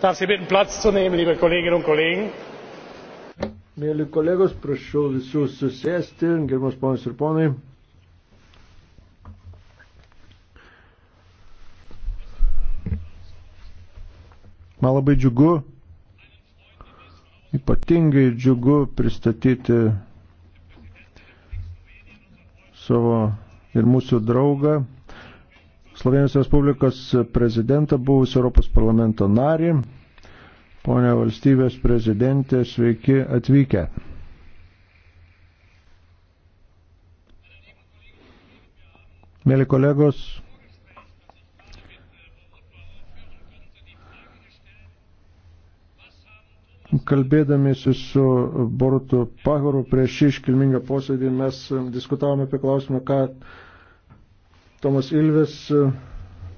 darf Sie bitten, Platz zu nehmen, liebe Kolleginnen und Kollegen. Mėly kolegos, prašau visus susėsti, gerbiamas ponas ir ponai. Man labai džiugu, ypatingai džiugu pristatyti savo ir mūsų draugą Slovenijos Respublikos prezidentą, buvusią Europos parlamento narį. Pone valstybės prezidentė, sveiki atvykę. Mėly kolegos, kalbėdamėsi su Borutu Pahoru prieš šį iškilmingą posėdį mes diskutavome apie klausimą, ką Tomas Ilves,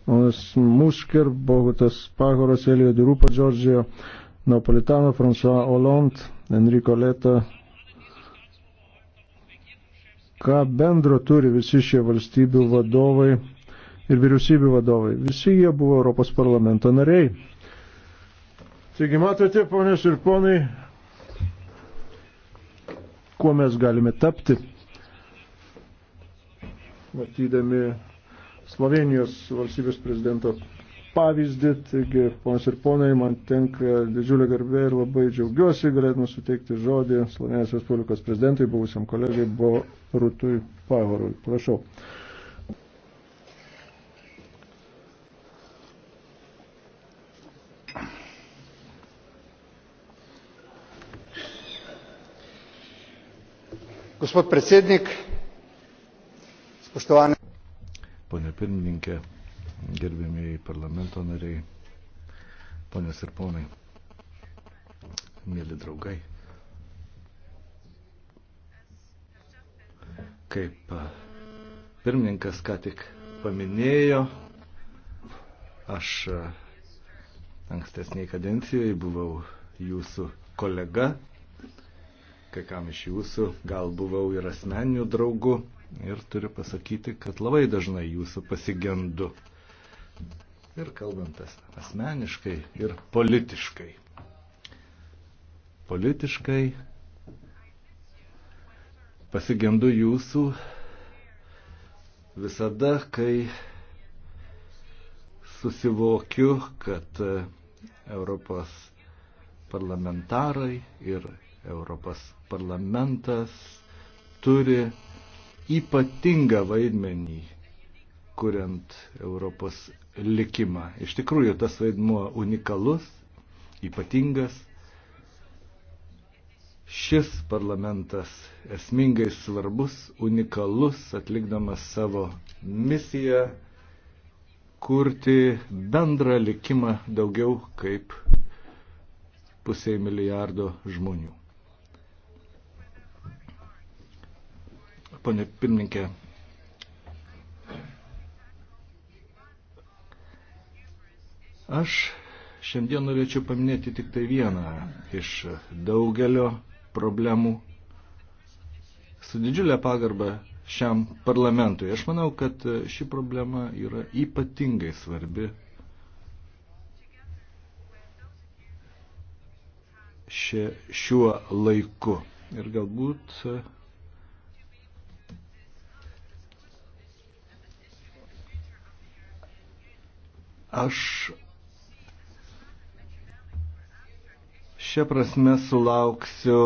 Tomas Mušker, Bogutas Pagoras, Elio Dirupa, Džordžio Napolitano, François Hollande, Enrico Leta. Ką bendro turi visi šie valstybių vadovai ir vyriausybių vadovai? Visi jie buvo Europos parlamento nariai. Taigi matote, ponės ir ponai, kuo mes galime tapti, matydami Slovenijos valstybės prezidento pavyzdį. Taigi, ponas ir ponai, man tenka didžiulė garbė ir labai džiaugiuosi, galėtume suteikti žodį Slovenijos Respublikos prezidentui, buvusiam kolegai, buvo Rūtui Pavarui. Prašau. Gospod predsednik, spoštovane Pone pirmininkė, gerbėmiai parlamento nariai, ponės ir ponai, mėly draugai. Kaip pirmininkas ką tik paminėjo, aš ankstesniai kadencijoje buvau jūsų kolega, kai kam iš jūsų gal buvau ir asmeninių draugų ir turiu pasakyti, kad labai dažnai jūsų pasigendu. Ir kalbant asmeniškai ir politiškai. Politiškai pasigendu jūsų visada, kai susivokiu, kad e, Europos parlamentarai ir Europos parlamentas turi ypatingą vaidmenį, kuriant Europos likimą. Iš tikrųjų, tas vaidmuo unikalus, ypatingas. Šis parlamentas esmingai svarbus, unikalus, atlikdamas savo misiją kurti bendrą likimą daugiau kaip pusiai milijardo žmonių. ponė pirmininkė. Aš šiandien norėčiau paminėti tik tai vieną iš daugelio problemų su didžiulė pagarba šiam parlamentui. Aš manau, kad ši problema yra ypatingai svarbi šie, šiuo laiku. Ir galbūt Aš šią prasme sulauksiu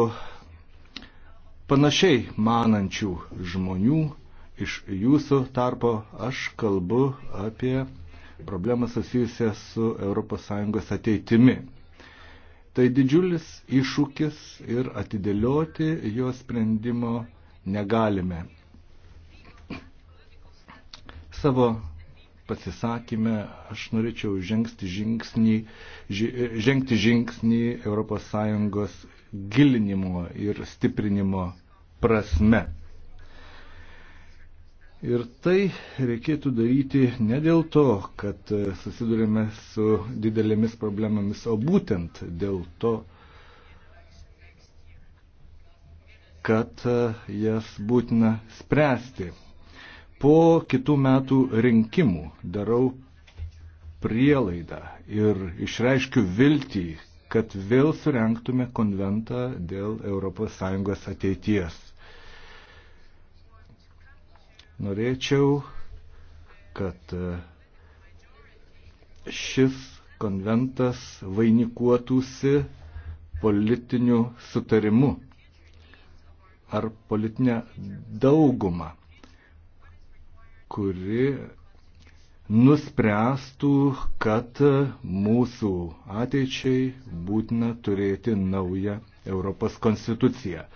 panašiai manančių žmonių iš jūsų tarpo. Aš kalbu apie problemą susijusią su ES ateitimi. Tai didžiulis iššūkis ir atidėlioti jo sprendimo negalime. Savo pasisakymę aš norėčiau žengti žingsnį, žengti žingsnį ES gilinimo ir stiprinimo prasme. Ir tai reikėtų daryti ne dėl to, kad susidurime su didelėmis problemomis, o būtent dėl to, kad jas būtina spręsti. Po kitų metų rinkimų darau prielaidą ir išreiškiu viltį, kad vėl surenktume konventą dėl ES ateities. Norėčiau, kad e, šis konventas vainikuotųsi politiniu sutarimu ar politinę daugumą kuri nuspręstų, kad mūsų ateičiai būtina turėti naują Europos konstituciją.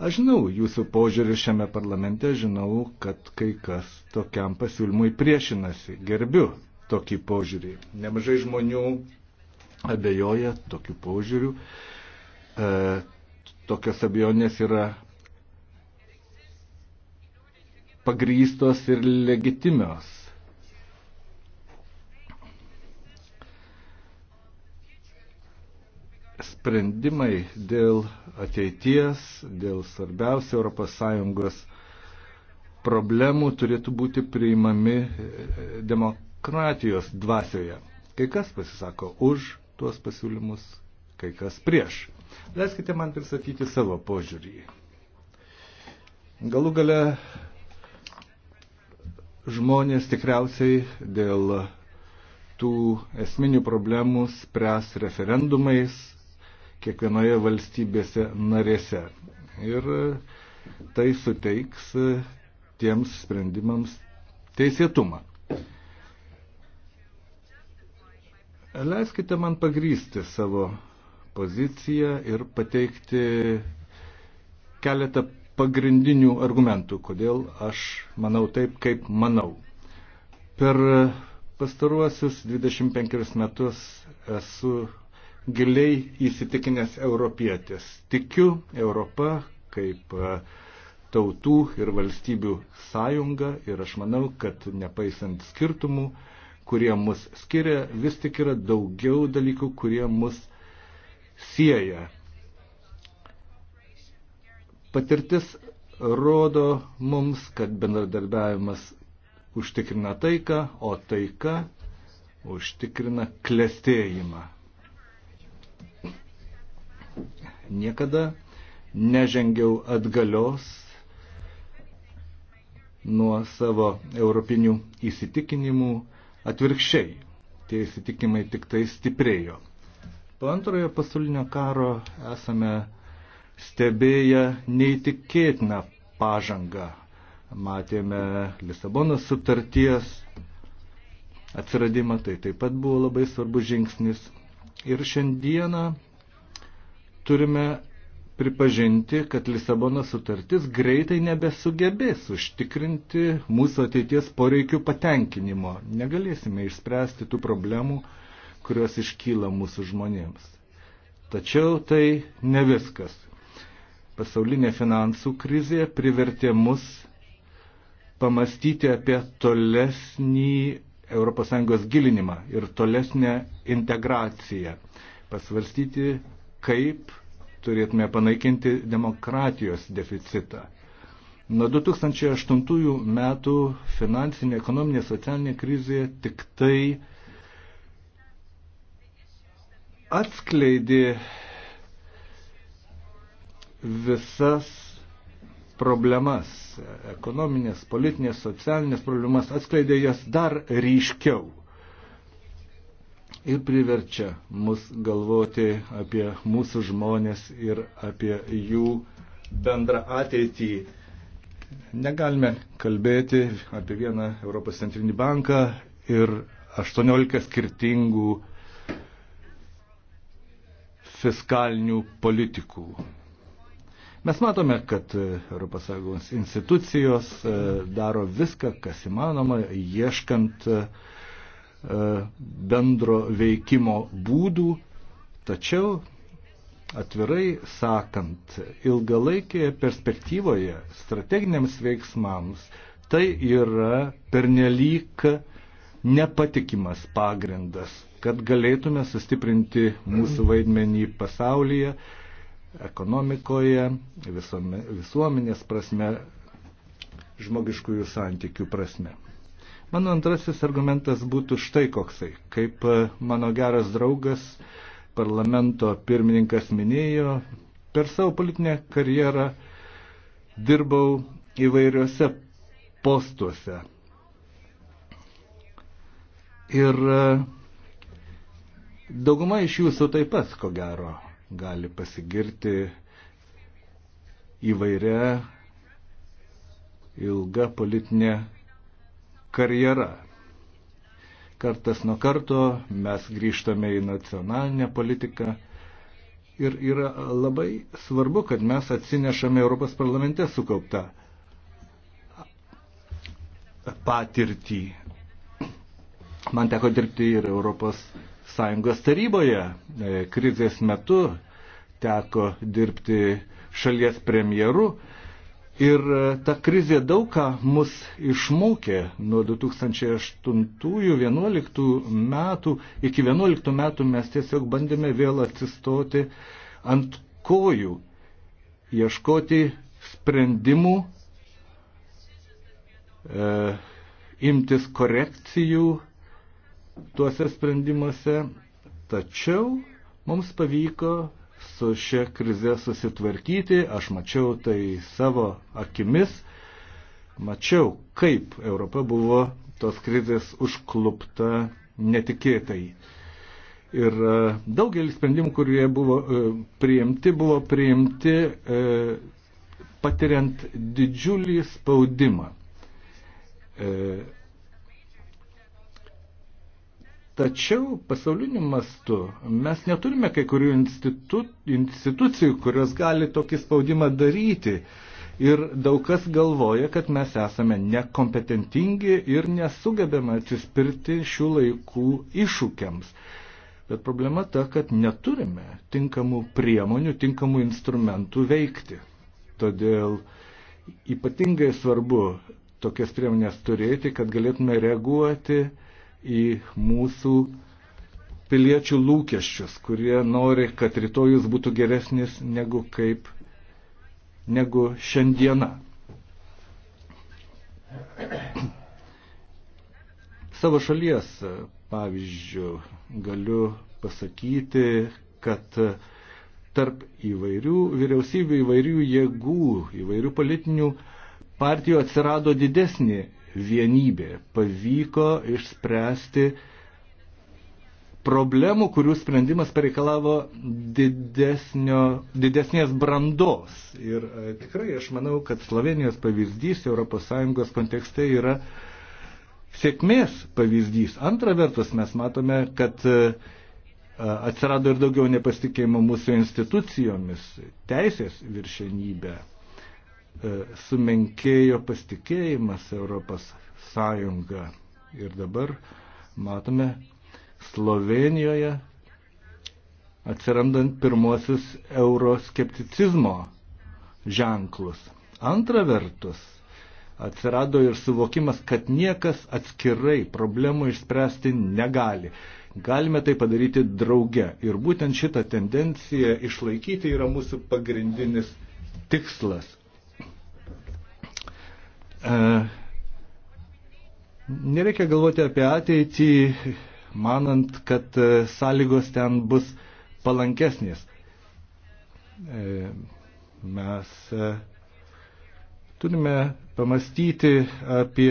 Aš žinau jūsų požiūrį šiame parlamente, žinau, kad kai kas tokiam pasiūlymui priešinasi. Gerbiu tokį požiūrį. Nemažai žmonių abejoja tokiu požiūriu. E, tokios abejonės yra pagrystos ir legitimios. Sprendimai dėl ateities, dėl svarbiausių ES problemų turėtų būti priimami e, demokratijos dvasioje. Kai kas pasisako už tuos pasiūlymus, kai kas prieš. Leiskite man pristatyti savo požiūrį. Galų gale žmonės tikriausiai dėl tų esminių problemų spręs referendumais kiekvienoje valstybėse narėse. Ir tai suteiks tiems sprendimams teisėtumą. Leiskite man pagrysti savo poziciją ir pateikti keletą pagrindinių argumentų, kodėl aš manau taip, kaip manau. Per pastaruosius 25 metus esu giliai įsitikinęs europietis. Tikiu Europą kaip e, tautų ir valstybių sąjunga ir aš manau, kad nepaisant skirtumų, kurie mus skiria, vis tik yra daugiau dalykų, kurie mus sieja. Patirtis rodo mums, kad bendradarbiavimas užtikrina taiką, o taika užtikrina klestėjimą. Niekada nežengiau atgalios nuo savo europinių įsitikinimų atvirkščiai. Tie įsitikimai tik tai stiprėjo. Po antrojo pasaulinio karo esame stebėję neįtikėtiną pažangą. Matėme Lisabonos sutarties atsiradimą, tai taip pat buvo labai svarbus žingsnis. Ir šiandieną turime pripažinti, kad Lisabono sutartis greitai nebesugebės užtikrinti mūsų ateities poreikių patenkinimo. Negalėsime išspręsti tų problemų, kurios iškyla mūsų žmonėms. Tačiau tai ne viskas pasaulinė finansų krizė privertė mus pamastyti apie tolesnį ES gilinimą ir tolesnę integraciją, pasvarstyti, kaip turėtume panaikinti demokratijos deficitą. Nuo 2008 metų finansinė, ekonominė, socialinė krizė tik tai atskleidė visas problemas, ekonominės, politinės, socialinės problemas, atskleidė jas dar ryškiau ir priverčia mus galvoti apie mūsų žmonės ir apie jų bendrą ateitį. Negalime kalbėti apie vieną Europos centrinį banką ir 18 skirtingų fiskalinių politikų. Mes matome, kad ES institucijos e, daro viską, kas įmanoma, ieškant e, e, bendro veikimo būdų, tačiau atvirai sakant, ilgalaikėje perspektyvoje strateginiams veiksmams tai yra pernelyk nepatikimas pagrindas, kad galėtume sustiprinti mūsų vaidmenį pasaulyje, ekonomikoje, visome, visuomenės prasme, žmogiškųjų santykių prasme. Mano antrasis argumentas būtų štai koksai. Kaip e, mano geras draugas, parlamento pirmininkas minėjo, per savo politinę karjerą dirbau įvairiuose postuose. Ir e, dauguma iš jūsų taip pat, ko gero, gali pasigirti įvairia ilga politinė karjera. Kartas nuo karto mes grįžtame į nacionalinę politiką ir yra labai svarbu, kad mes atsinešame Europos parlamente sukauptą patirtį. Man teko dirbti ir Europos Sąjungos taryboje. E, krizės metu teko dirbti šalies premjeru ir e, ta krizė daug ką mus išmokė nuo 2008-2011 metų. Iki 2011 metų mes tiesiog bandėme vėl atsistoti ant kojų, ieškoti sprendimų, e, imtis korekcijų tuose sprendimuose, tačiau mums pavyko su šia krize susitvarkyti, aš mačiau tai savo akimis, mačiau, kaip Europa buvo tos krizės užklupta netikėtai. Ir e, daugelis sprendimų, kurie buvo e, priimti, buvo priimti e, patiriant didžiulį spaudimą. Tačiau pasauliniu mastu mes neturime kai kurių institu, institucijų, kurios gali tokį spaudimą daryti. Ir daug kas galvoja, kad mes esame nekompetentingi ir nesugebėme atsispirti šių laikų iššūkiams. Bet problema ta, kad neturime tinkamų priemonių, tinkamų instrumentų veikti. Todėl ypatingai svarbu tokias priemonės turėti, kad galėtume reaguoti į mūsų piliečių lūkesčius, kurie nori, kad rytojus būtų geresnis negu kaip negu šiandiena. Savo šalies pavyzdžių galiu pasakyti, kad tarp įvairių vyriausybių, įvairių jėgų, įvairių politinių partijų atsirado didesnė vienybė. Pavyko išspręsti problemų, kurių sprendimas pareikalavo didesnio, didesnės brandos. Ir e, tikrai aš manau, kad Slovenijos pavyzdys ES kontekste yra sėkmės pavyzdys. Antra vertus, mes matome, kad e, atsirado ir daugiau nepasitikėjimo mūsų institucijomis, teisės viršenybė. E, sumenkėjo pasitikėjimas Europos Sąjunga. Ir dabar matome Slovenijoje atsirandant pirmosius euroskepticizmo ženklus. Antra vertus, atsirado ir suvokimas, kad niekas atskirai problemų išspręsti negali. Galime tai padaryti drauge. Ir būtent šitą tendenciją išlaikyti yra mūsų pagrindinis tikslas. E, nereikia galvoti apie ateitį, manant, kad e, sąlygos ten bus palankesnės. E, mes turime pamastyti apie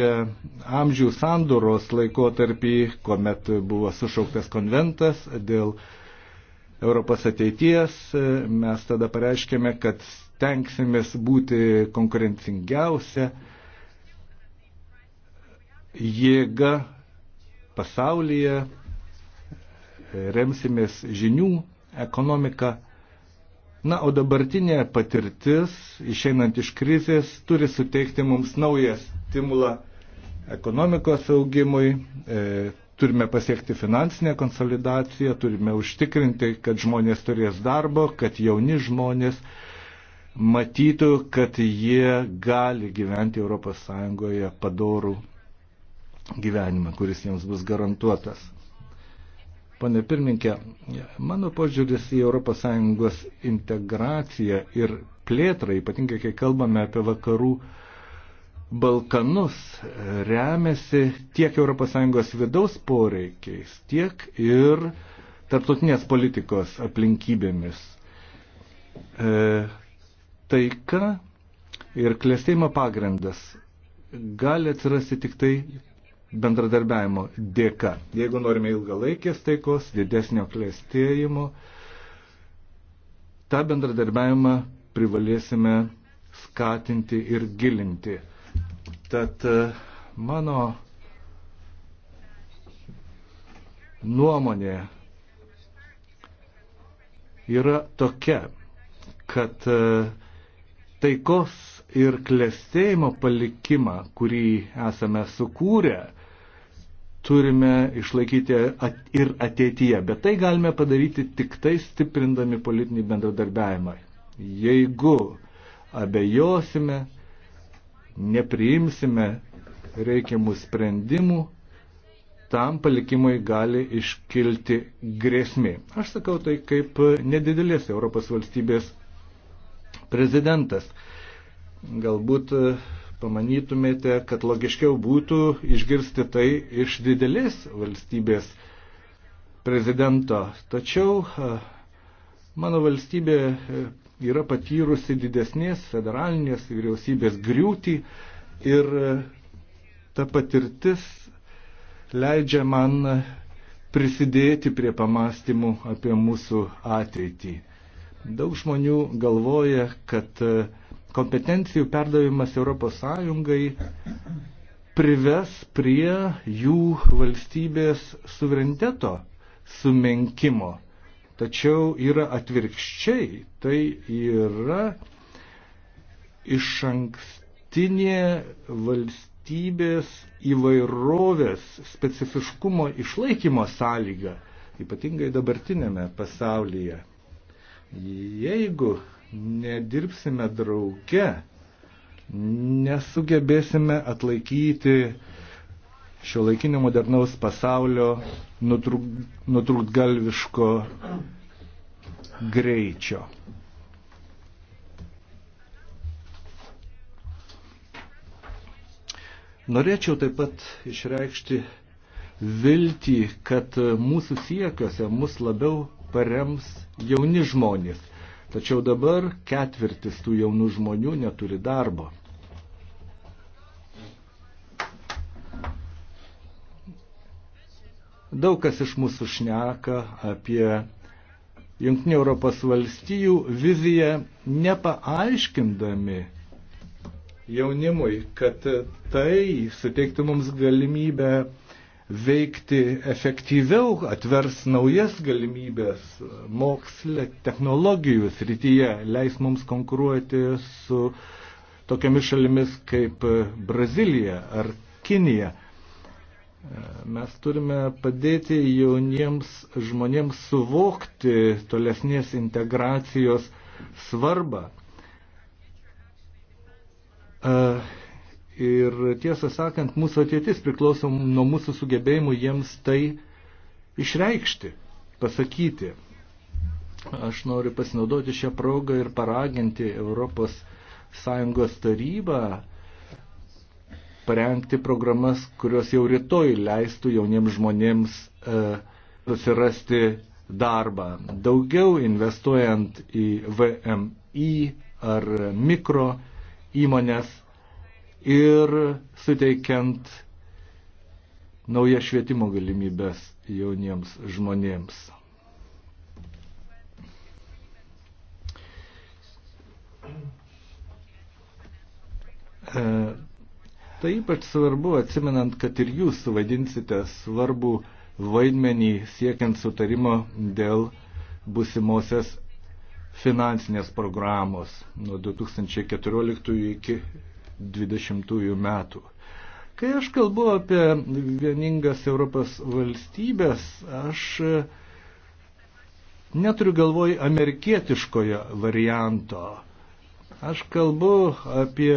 amžių sandoros laikotarpį, kuomet buvo sušauktas konventas dėl Europos ateities. Mes tada pareiškėme, kad tenksimės būti konkurencingiausia jėga pasaulyje, remsimės žinių ekonomiką. Na, o dabartinė patirtis, išeinant iš krizės, turi suteikti mums naują stimulą ekonomikos augimui, e, turime pasiekti finansinę konsolidaciją, turime užtikrinti, kad žmonės turės darbo, kad jauni žmonės matytų, kad jie gali gyventi ES padorų gyvenimą, kuris jiems bus garantuotas. Pane pirmininkė, mano požiūris į ES integraciją ir plėtrą, ypatingai kai kalbame apie vakarų Balkanus, remiasi tiek ES vidaus poreikiais, tiek ir tarptautinės politikos aplinkybėmis. E, taika ir klėstėjimo pagrindas gali atsirasti tik tai bendradarbiavimo dėka. Jeigu norime ilgalaikės taikos, didesnio klėstėjimo, tą bendradarbiavimą privalėsime skatinti ir gilinti. Tad e, mano nuomonė yra tokia, kad e, taikos ir klėstėjimo palikimą, kurį esame sukūrę, turime išlaikyti at ir ateityje. Bet tai galime padaryti tik tai stiprindami politinį bendradarbiavimą. Jeigu abejosime, nepriimsime reikiamų sprendimų, tam palikimui gali iškilti grėsmė. Aš sakau tai kaip nedidelės Europos valstybės prezidentas. Galbūt pamanytumėte, kad logiškiau būtų išgirsti tai iš didelės valstybės prezidento. Tačiau mano valstybė e, yra patyrusi didesnės federalinės vyriausybės griūtį ir e, ta patirtis leidžia man prisidėti prie pamastymų apie mūsų ateitį. Daug žmonių galvoja, kad uh, kompetencijų perdavimas ES prives prie jų valstybės suvereniteto sumenkimo. Tačiau yra atvirkščiai, tai yra iš ankstinė valstybės įvairovės specifiškumo išlaikymo sąlyga, ypatingai dabartinėme pasaulyje. Jeigu nedirbsime drauge, nesugebėsime atlaikyti šio laikinio modernaus pasaulio nutrūk, nutrūktgalviško greičio. Norėčiau taip pat išreikšti viltį, kad mūsų siekiuose mus labiau parems jauni žmonės. Tačiau dabar ketvirtis tų jaunų žmonių neturi darbo. Daug kas iš mūsų šneka apie Junktinio Europos valstijų viziją nepaaiškindami jaunimui, kad tai suteiktų mums galimybę veikti efektyviau, atvers naujas galimybės moksle, technologijų srityje, leis mums konkuruoti su tokiamis šalimis kaip Brazilija ar Kinija. Mes turime padėti jauniems žmonėms suvokti tolesnės integracijos svarbą. Ir tiesą sakant, mūsų ateitis priklauso nuo mūsų sugebėjimų jiems tai išreikšti, pasakyti. Aš noriu pasinaudoti šią progą ir paraginti Europos Sąjungos tarybą parengti programas, kurios jau rytoj leistų jauniems žmonėms e, susirasti darbą. Daugiau investuojant į VMI ar mikro įmonės ir suteikiant naują švietimo galimybės jauniems žmonėms. E, tai ypač svarbu, atsimenant, kad ir jūs suvaidinsite svarbų vaidmenį siekiant sutarimo dėl busimosios finansinės programos nuo 2014 iki 20 metų. Kai aš kalbu apie vieningas Europos valstybės, aš neturiu galvoj amerikietiškojo varianto. Aš kalbu apie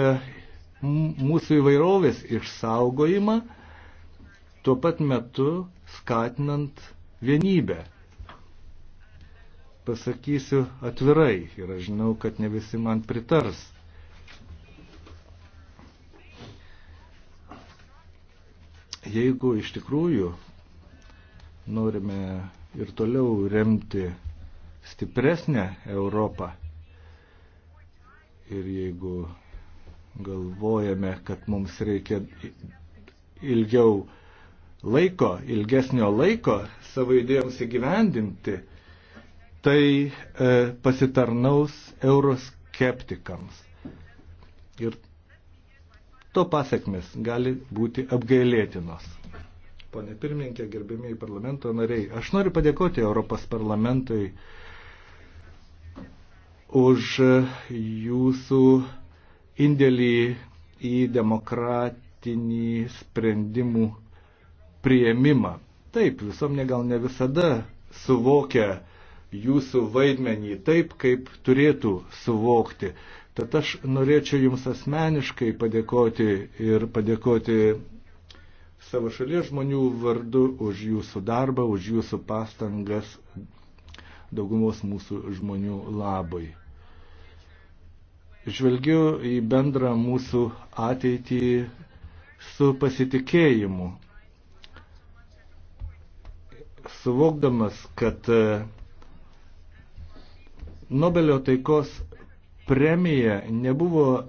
mūsų įvairovės išsaugojimą, tuo pat metu skatinant vienybę. Pasakysiu atvirai ir aš žinau, kad ne visi man pritars. Jeigu iš tikrųjų norime ir toliau remti stipresnę Europą ir jeigu galvojame, kad mums reikia ilgiau laiko, ilgesnio laiko savo idėjoms įgyvendinti, tai e, pasitarnaus euroskeptikams. Ir to pasiekmes gali būti apgailėtinos. Pone pirmininkė, gerbėmiai parlamento nariai, aš noriu padėkoti Europos parlamentui už jūsų indėlį į demokratinį sprendimų prieimimą. Taip, visuomenė gal ne visada suvokia jūsų vaidmenį taip, kaip turėtų suvokti. Tad aš norėčiau Jums asmeniškai padėkoti ir padėkoti savo šalies žmonių vardu už Jūsų darbą, už Jūsų pastangas daugumos mūsų žmonių labai. Žvelgiu į bendrą mūsų ateitį su pasitikėjimu, suvokdamas, kad Nobelio taikos premija nebuvo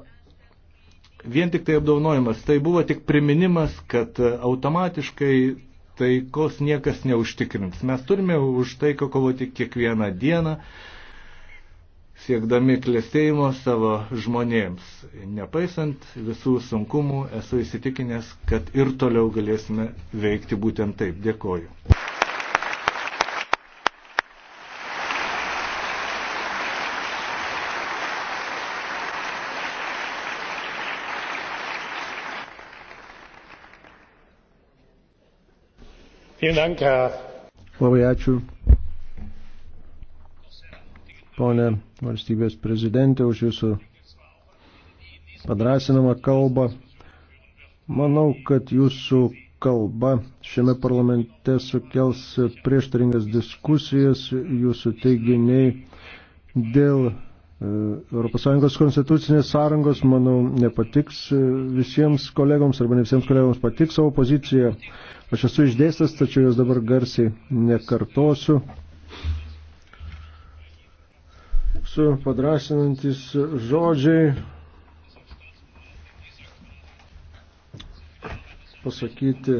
vien tik tai apdaunojimas, tai buvo tik priminimas, kad automatiškai taikos niekas neužtikrins. Mes turime už taiką kovoti kiekvieną dieną, siekdami klėstėjimo savo žmonėms. Nepaisant visų sunkumų, esu įsitikinęs, kad ir toliau galėsime veikti būtent taip. Dėkoju. Labai ačiū. Pone valstybės prezidentė, už jūsų padrasinamą kalbą. Manau, kad jūsų kalba šiame parlamente sukels prieštaringas diskusijas, jūsų teiginiai dėl ES konstitucinės sąrangos, manau, nepatiks e, visiems kolegoms arba ne visiems kolegoms patiks savo poziciją. Aš esu išdėstas, tačiau jos dabar garsiai nekartosiu. Su padrasinantis žodžiai pasakyti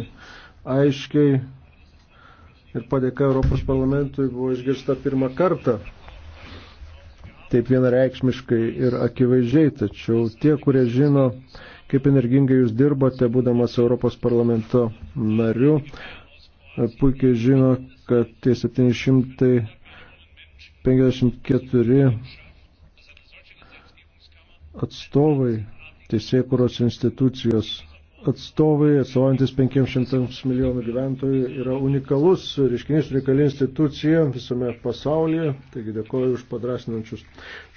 aiškiai ir padėka Europos parlamentui buvo išgirsta pirmą kartą taip vienareikšmiškai ir akivaizdžiai, tačiau tie, kurie žino, kaip energingai jūs dirbote, būdamas Europos parlamento nariu, puikiai žino, kad tie 754 atstovai teisėkuros institucijos atstovai, atstovaujantis 500 milijonų gyventojų, yra unikalus reiškinys, unikali institucija visame pasaulyje. Taigi dėkoju už padrasinančius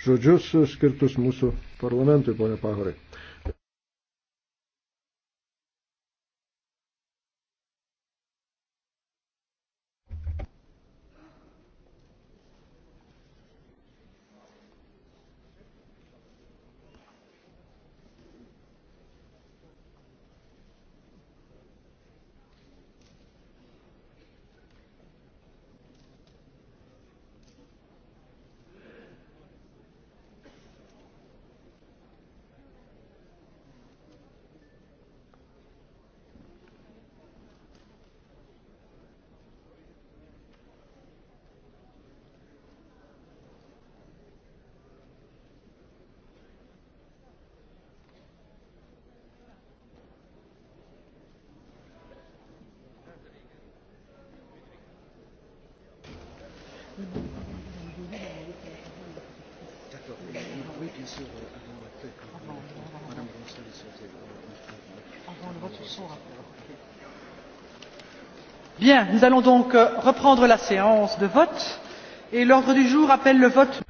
žodžius skirtus mūsų parlamentui, ponia Pahorai. sur avant la paix que vous voulez faire. Madame González, c'était avant le vote sur son rapport. Bien, nous allons donc euh, reprendre la séance de vote et l'ordre du jour appelle le vote.